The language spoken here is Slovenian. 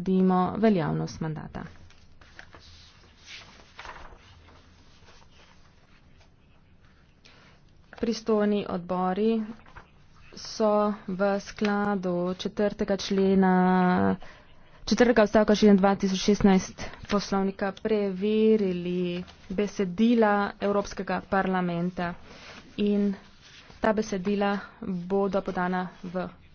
potrdimo veljavnost mandata. Pristojni odbori so v skladu četrtega člena, četrtega odstavka člena 2016 poslovnika preverili besedila Evropskega parlamenta in ta besedila bodo podana v